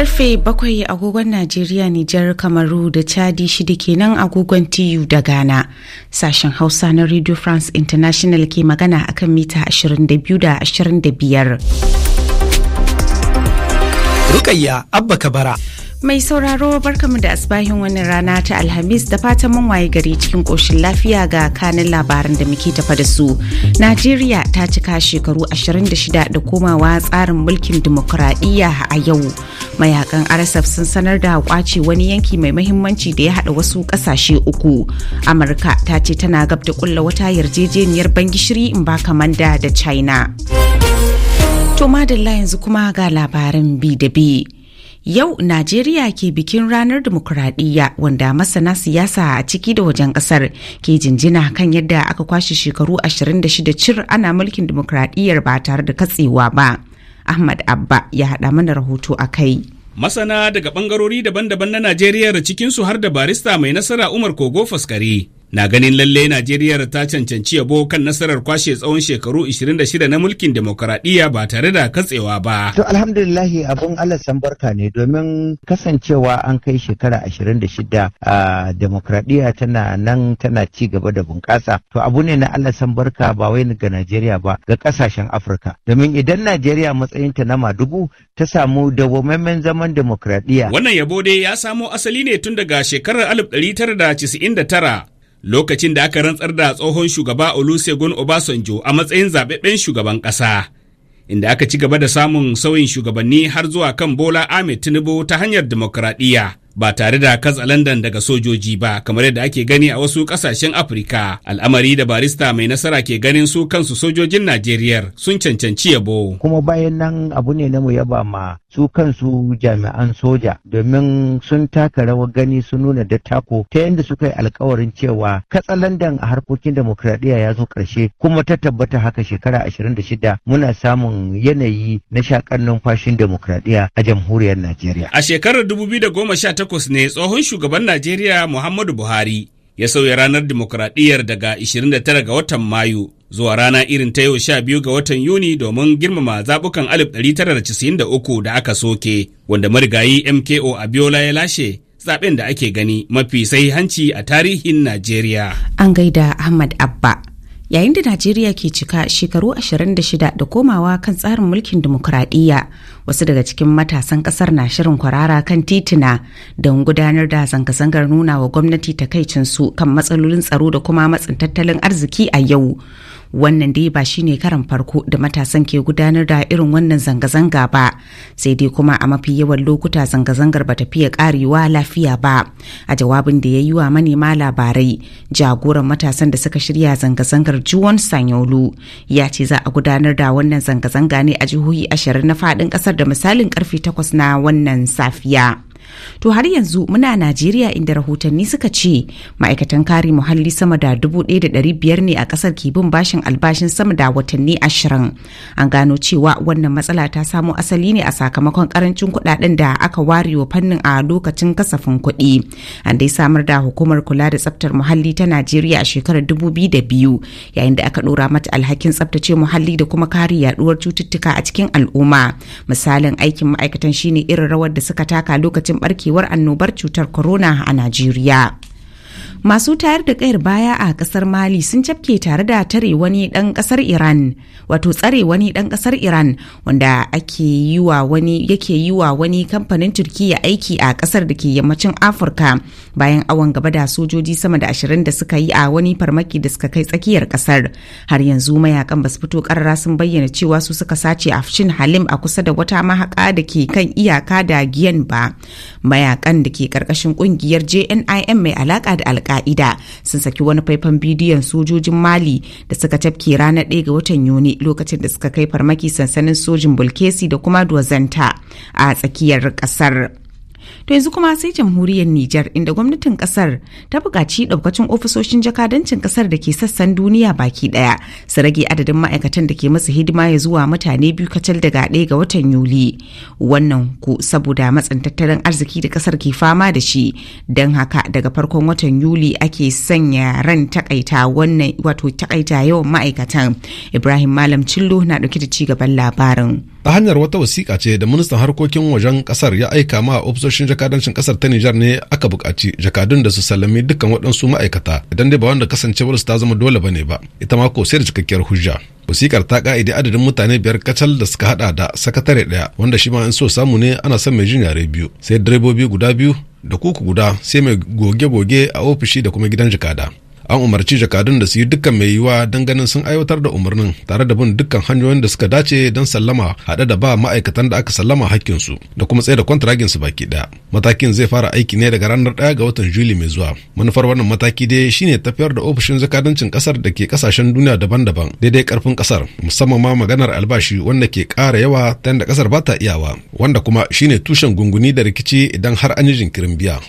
karfe bakwai agogon najeriya nijar kamaru da chadi shida kenan agogon tu da ghana sashen hausa na radio france international ke magana akan mita 22 da 25 rukayya abba kabara Mai sauraro barkamu da asbahin wani rana ta Alhamis da fatan mun waye gari cikin koshin lafiya ga kanin labaran da muke tafa da su. Najeriya ta cika shekaru 26 da komawa tsarin mulkin dimokuraɗiyya a yau. Mayakan RSF sun sanar da kwace wani yanki mai mahimmanci da ya haɗa wasu ƙasashe uku. Amurka ta ce tana gab da ƙulla wata yarjejeniyar bangishiri in ba kamanda da China. To madalla yanzu kuma ga labaran bi da bi. Yau Najeriya ke bikin ranar demokuraɗiyya wanda masana siyasa a ciki da wajen ƙasar ke jinjina kan yadda aka kwashe shekaru 26 cir ana mulkin demokuraɗiyyar ba tare da katsewa ba. Ahmad Abba ya haɗa mana rahoto a kai. Masana daga ɓangarori daban-daban na Najeriya da cikinsu har da barista mai nasara Umar Kogo Faskari na ganin lalle Najeriya ta cancanci yabo kan nasarar kwashe tsawon shekaru 26 na mulkin demokaradiyya ba tare da katsewa ba. To alhamdulillahi abun Allah san barka ne domin kasancewa an kai shekara 26 a demokaradiyya tana nan tana ci gaba da bunƙasa. To abu ne na Allah san barka ba wai ga Najeriya ba ga kasashen Afirka. Domin idan Najeriya ta na madugu ta samu dawwammamen zaman demokaradiyya. Wannan yabo dai ya samo asali ne tun daga shekarar 1999 lokacin da aka rantsar da tsohon shugaba Olusegun Obasanjo a matsayin zaɓaɓɓen shugaban ƙasa. Inda aka ci gaba da samun sauyin shugabanni har zuwa kan Bola Ahmed Tinubu ta hanyar demokradiyya. ba tare da katsalandan daga sojoji ba kamar yadda ake gani a wasu kasashen afirka al'amari da barista mai nasara ke ganin su kansu sojojin najeriya sun cancanci yabo kuma bayan nan abu ne na mu yaba ma su kansu jami'an soja domin sun taka rawa gani sun nuna da tako ta yadda suka yi alkawarin cewa katsalandan a harkokin demokradiyya ya zo karshe kuma ta tabbata haka shekara 26 muna samun yanayi na shakar numfashin demokradiyya a jamhuriyar najeriya a shekarar 2019 takwas ne tsohon shugaban Najeriya Muhammadu Buhari ya sauya ranar dimokuraɗiyyar daga 29 ga watan Mayu zuwa rana irin ta yau 12 ga watan Yuni domin girmama zaɓukan 1993 da aka soke wanda marigayi MKO Abiola ya lashe zaɓen da ake gani mafi sai hanci a tarihin Najeriya. An gaida Ahmad Abba. yayin da najeriya ke cika shekaru 26 da komawa kan tsarin mulkin dimokuraɗiyya wasu daga cikin matasan ƙasar na shirin kwarara kan titina don gudanar da zanga-zangar nuna wa gwamnati takaicinsu kan matsalolin tsaro da kuma matsin tattalin arziki a yau wannan dai ba shine karan farko da matasan ke gudanar da irin wannan zanga-zanga ba sai dai kuma a mafi yawan lokuta zanga-zangar ba ta fiye karewa lafiya ba a jawabin da ya yi wa manema labarai jagoran matasan da suka shirya zanga-zangar juwon sanyolu ya ce za a gudanar da wannan zanga-zanga ne a jihohi ashirin na faɗin ƙasar da misalin karfe takwas na wannan safiya. To har yanzu muna Najeriya inda rahotanni suka ce ma'aikatan kare muhalli sama da biyar ne a kasar ke bin bashin albashin sama da watanni ashirin An gano cewa wannan matsala ta samo asali ne a sakamakon karancin kuɗaɗen da aka ware wa fannin a lokacin kasafin kuɗi. An dai samar da hukumar kula da tsaftar muhalli ta Najeriya a shekarar 2002 yayin da aka dora mata alhakin tsaftace muhalli da kuma kare yaduwar cututtuka a cikin al'umma. Misalin aikin ma'aikatan shine irin rawar da suka taka lokacin barkewar annobar cutar corona a Najeriya. masu tayar da kayar baya a kasar mali sun cafke tare da tare wani dan kasar iran wato tsare wani dan kasar iran wanda ake yi wa wani yake yi wani kamfanin turkiya aiki a kasar da ke yammacin afirka bayan awon gaba da sojoji sama da ashirin da suka yi a wani farmaki da suka kai tsakiyar kasar har yanzu mayakan basu fito karara sun bayyana cewa su suka sace afshin halim a kusa da wata mahaka da ke kan iyaka da giyan ba mayakan da ke karkashin kungiyar jnim mai alaka da alka ka'ida sun saki wani faifan bidiyon sojojin mali da suka tafke ranar ɗaya ga watan yuni lokacin da suka kai farmaki sansanin sojin bulkesi da kuma duwazanta a tsakiyar ƙasar. To yanzu kuma sai jamhuriyar Nijar inda gwamnatin kasar ta buƙaci ɗaukacin ofisoshin jakadancin kasar da ke sassan duniya baki ɗaya su rage adadin ma'aikatan da ke masu hidima ya zuwa mutane biyu kacal daga ɗaya ga watan Yuli. Wannan ko saboda matsin tattalin arziki da kasar ke fama da shi don haka daga farkon watan Yuli ake sanya ran takaita wannan wato takaita yawan ma'aikatan. Ibrahim Malam Cillo na ɗauke da ci gaban labarin. Ta hanyar wata wasiƙa ce da ministan harkokin wajen ƙasar ya aika ma ofisoshin jakadancin kasar ta Nijar ne aka buƙaci jakadun da su sallami dukkan waɗansu ma'aikata idan dai ba wanda kasancewar su ta zama dole bane ba ita ma ko sai da cikakkiyar hujja wasikar ta ka'ide adadin mutane biyar kacal da suka hada da sakatare ɗaya wanda shi ma in so samu ne ana son mai jin yare biyu sai direbobi guda biyu da kuku guda sai mai goge-goge a ofishi da kuma gidan jakada. an umarci jakadun da su yi dukkan mai yiwuwa don ganin sun aiwatar da umarnin tare da bin dukkan hanyoyin da suka dace don sallama haɗe da ba ma'aikatan da aka sallama hakkinsu da kuma tsaye da su baki ɗaya matakin zai fara aiki ne daga ranar ɗaya ga watan juli mai zuwa manufar wannan mataki dai shine tafiyar da ofishin zakadancin ƙasar da ke ƙasashen duniya daban-daban daidai ƙarfin ƙasar musamman ma maganar albashi wanda ke ƙara yawa ta yadda ƙasar ba ta iyawa wanda kuma shine tushen gunguni da rikici idan har an yi jinkirin biya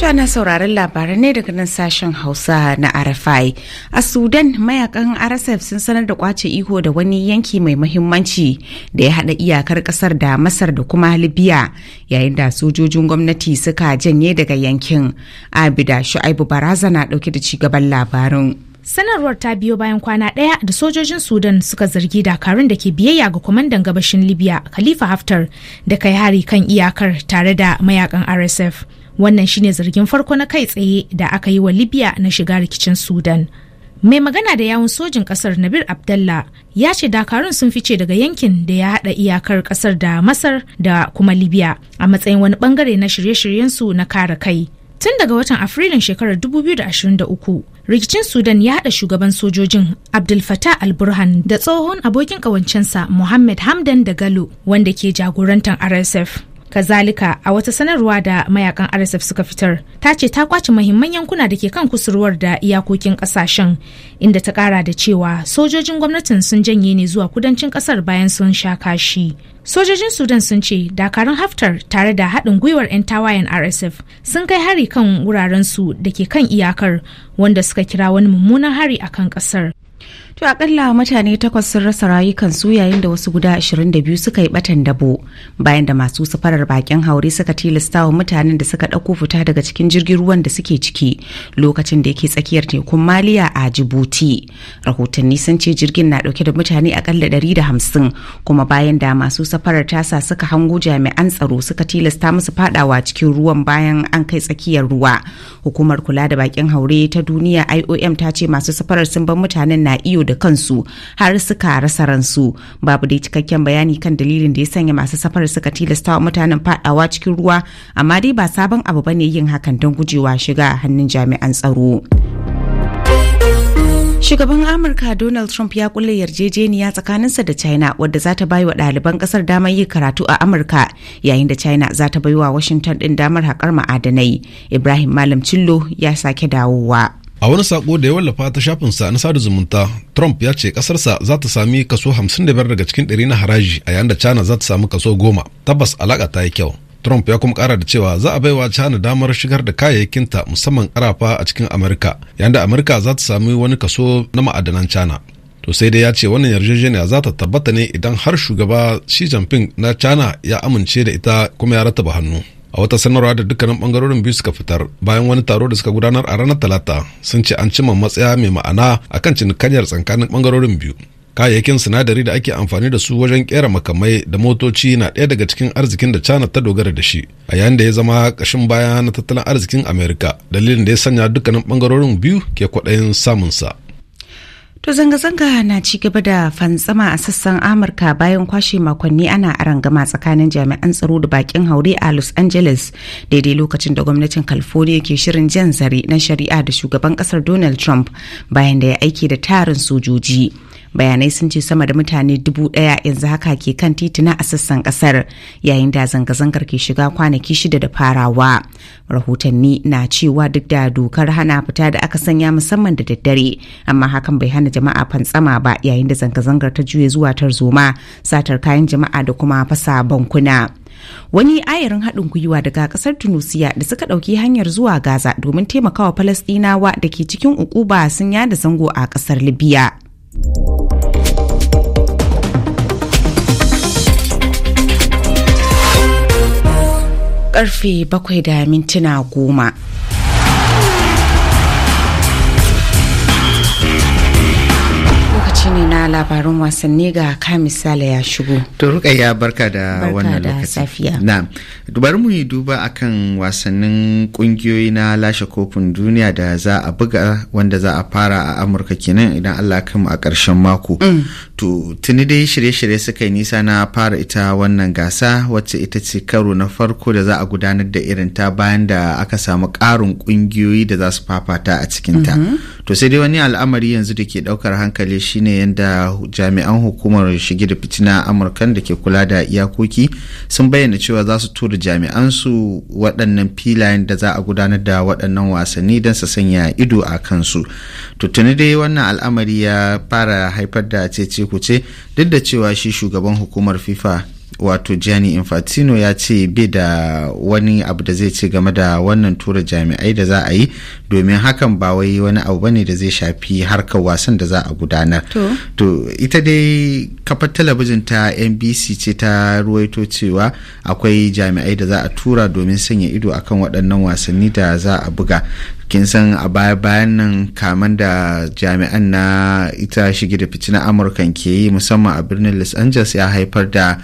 tana sauraron labarai ne daga nan sashen Hausa na RFI. A Sudan mayakan RSF sun sanar da kwace iko da wani yanki mai muhimmanci da ya hada iyakar kasar da Masar da kuma Libya yayin da sojojin gwamnati suka janye daga yankin. Abida Shu'aibu Baraza na dauke da ci gaban labarin. sanarwar ta biyo bayan kwana ɗaya da sojojin sudan suka zargi dakarun da ke biyayya ga kwamandan gabashin libya khalifa haftar da kai hari kan iyakar tare da mayakan rsf wannan shine zargin farko na kai tsaye da aka yi wa libya na shiga rikicin sudan mai magana da yawun sojin kasar nabir abdallah ya ce dakarun sun fice daga yankin da ya haɗa iyakar kasar da masar da kuma libya a matsayin wani bangare na shirye shiryen su na kare kai Tun daga watan Afrilun shekarar 2023, rikicin Sudan ya haɗa shugaban sojojin Abdul Fattah al-Burhan da tsohon abokin ƙawancensa Mohammed Hamdan da Galo wanda ke jagorantar RSF. Kazalika a wata sanarwa da mayakan RSF suka fitar, ta ce ta kwace mahimman yankuna da ke kan kusurwar da iyakokin ƙasashen, inda ta ƙara da cewa sojojin gwamnatin sun janye ne zuwa kudancin ƙasar bayan sun sha kashi. Sojojin Sudan sun ce dakarun Haftar tare da haɗin gwiwar 'yan tawayen RSF sun kai hari kan wurarensu da ke kan iyakar wanda suka kira wani mummunan hari a kan ƙasar. To akalla mutane takwas sun rasa rayukansu yayin da wasu guda 22 suka yi batan dabo bayan da masu safarar bakin haure suka tilasta wa mutanen da suka ɗauko fita daga cikin jirgin ruwan da suke ciki lokacin da yake tsakiyar tekun Maliya a Jibuti. Rahotanni sun ce jirgin na ɗauke da mutane akalla 150 kuma bayan da masu safarar tasa suka hango jami'an tsaro suka tilasta musu fadawa cikin ruwan bayan an kai tsakiyar ruwa. Hukumar kula da bakin haure ta duniya IOM ta ce masu safarar sun bar mutanen na iyo da kansu har suka rasa ransu babu dai cikakken bayani kan dalilin da ya sanya masu safar suka tilasta wa mutanen fadawa cikin ruwa amma dai ba sabon abu bane yin hakan don gujewa shiga hannun jami'an tsaro. Shugaban Amurka Donald Trump ya kulle yarjejeniya tsakaninsa da China wadda za ta bayi wa ɗaliban ƙasar damar yin karatu a Amurka yayin da China za ta wa Washington ɗin damar haƙar ma'adanai. Ibrahim Malam Cillo ya sake dawowa. A wani sako da ya wallafa ta shafin sa na sada zumunta, Trump ya ce kasarsa za ta sami kaso 55 daga cikin 100 na haraji a yayin da China za ta sami kaso 10. Tabbas alaka ta yi kyau. Trump ya kuma kara da cewa za a baiwa China damar shigar da kayayyakinta musamman karafa a cikin Amurka, yayin da Amurka za ta sami wani kaso na ma'adanan China. To sai dai ya ce wannan yarjejeniya za ta tabbata ne idan har shugaba Xi Jinping na China ya amince da ita kuma ya rataba hannu. a wata sanarwa da dukkanin bangarorin biyu suka fitar bayan wani taro da suka gudanar a ranar talata sun ce an cimma matsaya mai ma'ana akan cinikanyar tsakanin bangarorin biyu kayayyakin sinadari da ake amfani da su wajen kera makamai da motoci na ɗaya daga cikin arzikin da china ta dogara da shi a yayin da ya zama ƙashin baya na tattalin arzikin america dalilin da ya sanya dukkanin bangarorin biyu ke kwaɗayin samunsa To zanga-zanga na ci gaba da fantsama a sassan Amurka bayan kwashe makonni ana arangama tsakanin jami'an tsaro da bakin haure a Los Angeles daidai lokacin da gwamnatin California ke shirin jan zare na shari'a da shugaban kasar Donald Trump bayan da ya aiki da tarin sojoji. bayanai sun ce sama da mutane dubu ɗaya yanzu haka ke kan tituna a sassan ƙasar yayin da zanga-zangar ke shiga kwanaki shida da farawa rahotanni na cewa duk da dokar hana fita da aka sanya musamman da daddare amma hakan bai hana jama'a fantsama ba yayin da zanga-zangar ta juya zuwa tarzoma satar kayan jama'a da kuma fasa bankuna wani ayarin haɗin gwiwa daga ƙasar tunisia da suka ɗauki hanyar zuwa gaza domin taimakawa falasɗinawa da ke cikin ukuba sun yada zango a ƙasar libya Karfe bakwai da mintuna goma. Lokaci ne na labarin wasanni ga ka misali ya shigo. To rukayya barka da wannan lokaci. Na, bari mu yi duba akan wasannin kungiyoyi na lashe kofin duniya da za a buga wanda za a fara a Amurka kenan idan Allah kama a ƙarshen mako. Mm. To tuni dai shirye-shirye suka yi nisa na fara ita wannan gasa wacce ita ce karo na farko da za a gudanar da irin ta bayan da aka samu ƙarin kungiyoyi da za su fafata a cikinta. Mm-hmm. To sai dai wani al'amari yanzu da ke ɗaukar hankali shine yadda jami'an hukumar shige da fitina amurkan da ke kula da iyakoki sun bayyana cewa za su tura jami'an su waɗannan filayen da za a gudanar da waɗannan wasanni don su sanya ido a kansu tuttuni dai wannan al'amari ya fara haifar da ce kuce duk da cewa shi shugaban hukumar fifa wato gianni infantino ya ce bai da wani abu da zai ce game da wannan tura jami'ai da za a yi domin hakan ba wai wani abu bane da zai shafi harkar wasan da za a gudanar to ita dai kafar talabijin ta nbc ce ta ruwaito cewa akwai jami'ai da za a tura domin sanya ido akan waɗannan wasanni da za a buga kin san a baya bayan nan kaman da jami'an na ita shige da fice na amurka ke yi musamman a birnin los angeles ya haifar da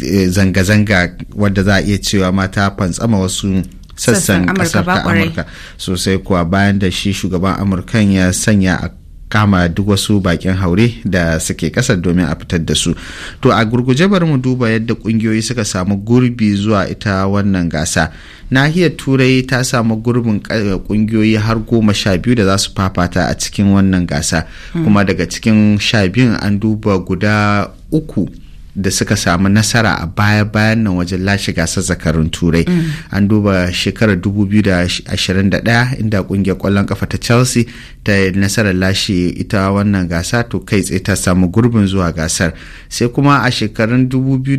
e, zanga-zanga wadda za a iya cewa mata fantsama wasu sassan kasar ta amurka sosai kuwa bayan da shi shugaban amurkan ya sanya a kama duk wasu bakin haure da suke kasar domin a fitar da su to a gurguje bari mu duba yadda kungiyoyi suka samu gurbi zuwa ita wannan gasa nahiyar turai ta samu gurbin kungiyoyi eh, har goma sha biyu da za su fafata a cikin wannan gasa hmm. kuma daga cikin sha biyun an duba guda uku da suka samu nasara a baya bayan nan wajen lashe gasar zakarun turai an duba shekarar 2021 inda kungiyar kwallon kafa ta chelsea ta nasarar lashe ita wannan gasa to kai tsaye ta samu gurbin zuwa gasar sai kuma a shekarun 2012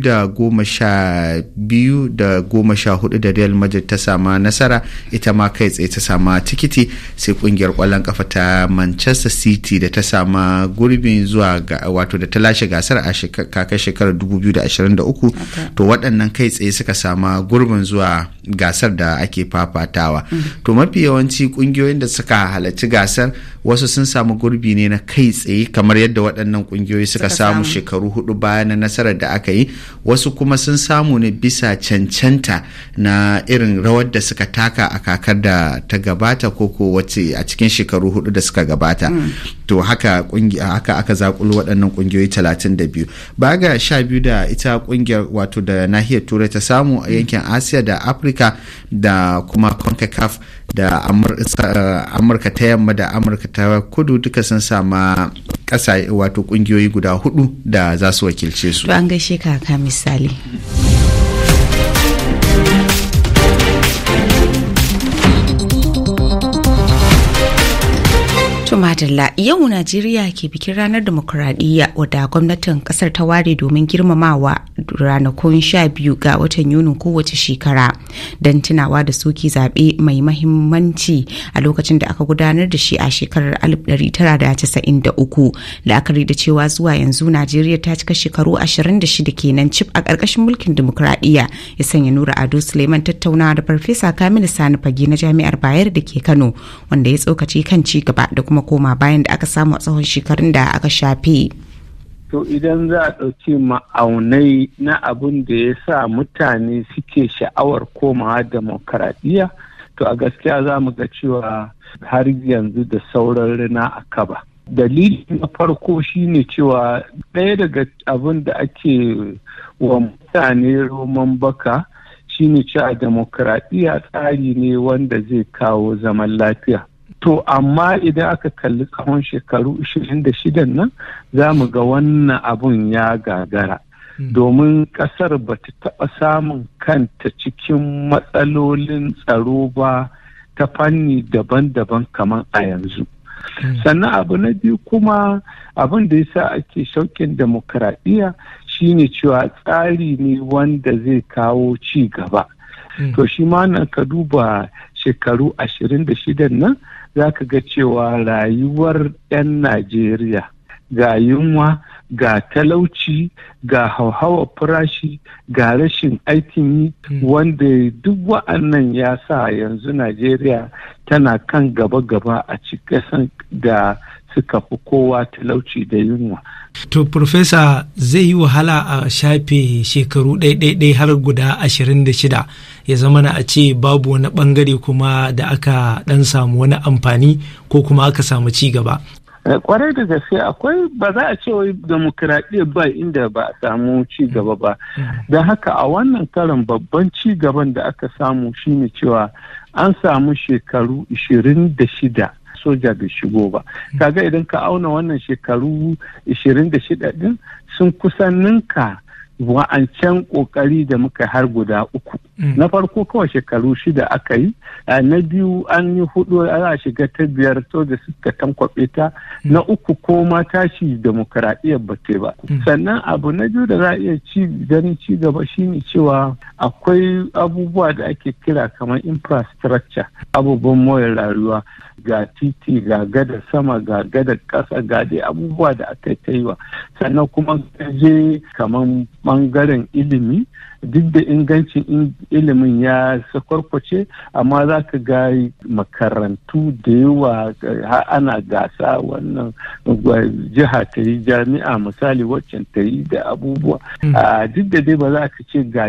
da 14 da real madrid ta sama nasara ita ma kai tsaye ta sama tikiti sai kungiyar kwallon kafa ta manchester city da ta sama gurbin zuwa wato da ta lashe gasar a kakar shekarar shekarar 2023 to waɗannan kai tsaye suka sama gurbin zuwa gasar da ake fafatawa mm-hmm. to mafi yawanci ƙungiyoyin da suka halarci gasar wasu sun samu gurbi ne na kai tsaye kamar yadda waɗannan ƙungiyoyi suka samu shekaru hudu bayan na nasarar da aka yi wasu kuma sun samu ne bisa cancanta na irin rawar da suka taka a kakar da ta gabata ko ko wace a cikin shekaru hudu da suka gabata mm. to haka haka aka zakulu waɗannan ƙungiyoyi 32 ba ga 12 da ita ƙungiyar wato da nahiyar turai ta samu a yankin asiya da afirka da kuma concacaf da eh, amurka ta yamma da amurka ta kudu duka sun sama ƙasa wato ƙungiyoyi guda hudu da za su wakilce su. an gaishe ka misali. To Madalla yau Najeriya ke bikin ranar demokuraɗiyya wadda gwamnatin kasar ta ware domin girmamawa ranakun sha biyu ga watan Yunin kowace shekara don tunawa da soke zaɓe mai mahimmanci a lokacin da aka gudanar da shi a shekarar 1993 la'akari da cewa zuwa yanzu Najeriya ta cika shekaru 26 kenan cif a ƙarƙashin mulkin demokuraɗiyya ya sanya Nura Ado Suleiman tattaunawa da Farfesa Kamilu Sani Fage na Jami'ar bayar da ke Kano wanda ya tsokaci kan ci gaba da kuma kuma koma bayan da aka samu a tsawon shekarun da aka shafe. To idan za a ɗauki ma'aunai na abin da ya sa mutane suke sha'awar komawa demokaradiyya to a gaskiya za mu ga cewa har yanzu da sauran rina a kaba. dalili na farko shine cewa ɗaya daga abin da ake wa mutane roman baka shine cewa demokaradiyya tsari ne wanda zai kawo zaman lafiya to amma idan aka kalli tsawon shekaru 26 nan za mu ga wannan abun ya gagara hmm. domin kasar ba ta taɓa samun kanta cikin matsalolin tsaro ba ta fanni daban-daban kamar a yanzu hmm. sannan abu na biyu kuma abin da yasa ake shauƙin demokuraɗiyya shine cewa tsari ne wanda zai kawo ci gaba hmm. to shi ma nan ka duba shekaru ashirin nan za ka ga cewa rayuwar 'yan najeriya ga yunwa ga talauci ga hauhawa farashi ga rashin aikin yi hmm. wanda duk wa'annan ya sa yanzu najeriya tana kan gaba-gaba a cikin da suka fi kowa talauci da yunwa. To, Profesa zai yi wahala a shafe shekaru ɗaiɗaiɗai har guda ashirin da shida ya zama na a ce babu wani ɓangare kuma da aka ɗan samu wani amfani ko kuma aka samu ci gaba. kwarai eh, da gaske akwai ba za a ce wai demokuraɗiyya ba inda ba a samu cigaba ba mm. Don haka a wannan karin babban ci gaban da aka samu shine cewa an samu shekaru da shida. soja bai shigo ba kaga idan ka auna wannan shekaru 26 din sun kusan ninka wa'ancan kokari da muka har guda uku mm. na farko kawai shekaru shida aka yi na biyu an yi hudu ana shiga ta biyar to da suka tankwabe ta mm. na uku ko ma tashi demokaradiyyar ba ba mm. sannan abu na biyu da za a iya ci ganin ci gaba shine cewa akwai abubuwa da ake kira kamar infrastructure abubuwan more rayuwa ga titi ga gada sama ga gada kasa ga dai abubuwa da aka yi wa sannan kuma je kamar bangaren ilimi duk da ingancin ilimin ya sakwarkwace amma za ka ga makarantu da yawa ana gasa wannan jiha ta yi jami'a misali waccan ta yi da abubuwa hmm. duk da dai ba za ka ce ga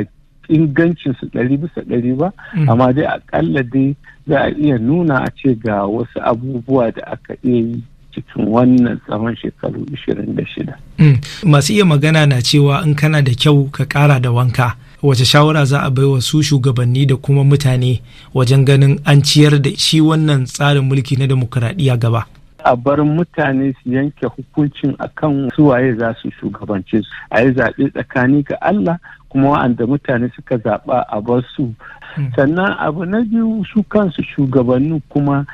ingancin su ɗari bisa ɗari ba hmm. amma dai akalla dai za a iya nuna a ce ga wasu abubuwa da aka iya yi cikin wannan tsawon shekaru 26. Hmm. Masu iya magana na cewa in kana da kyau ka ƙara da wanka. Wace shawara za a baiwa su shugabanni da kuma mutane wajen ganin an ciyar da shi wannan tsarin mulki na demokuraɗiyya gaba? a bar mutane su yanke hukuncin akan suwaye za su shugabance su a yi zaɓe tsakani ga Allah kuma wa'anda mutane suka zaɓa a bar su hmm. sannan abu na biyu su kansu shugabanni kuma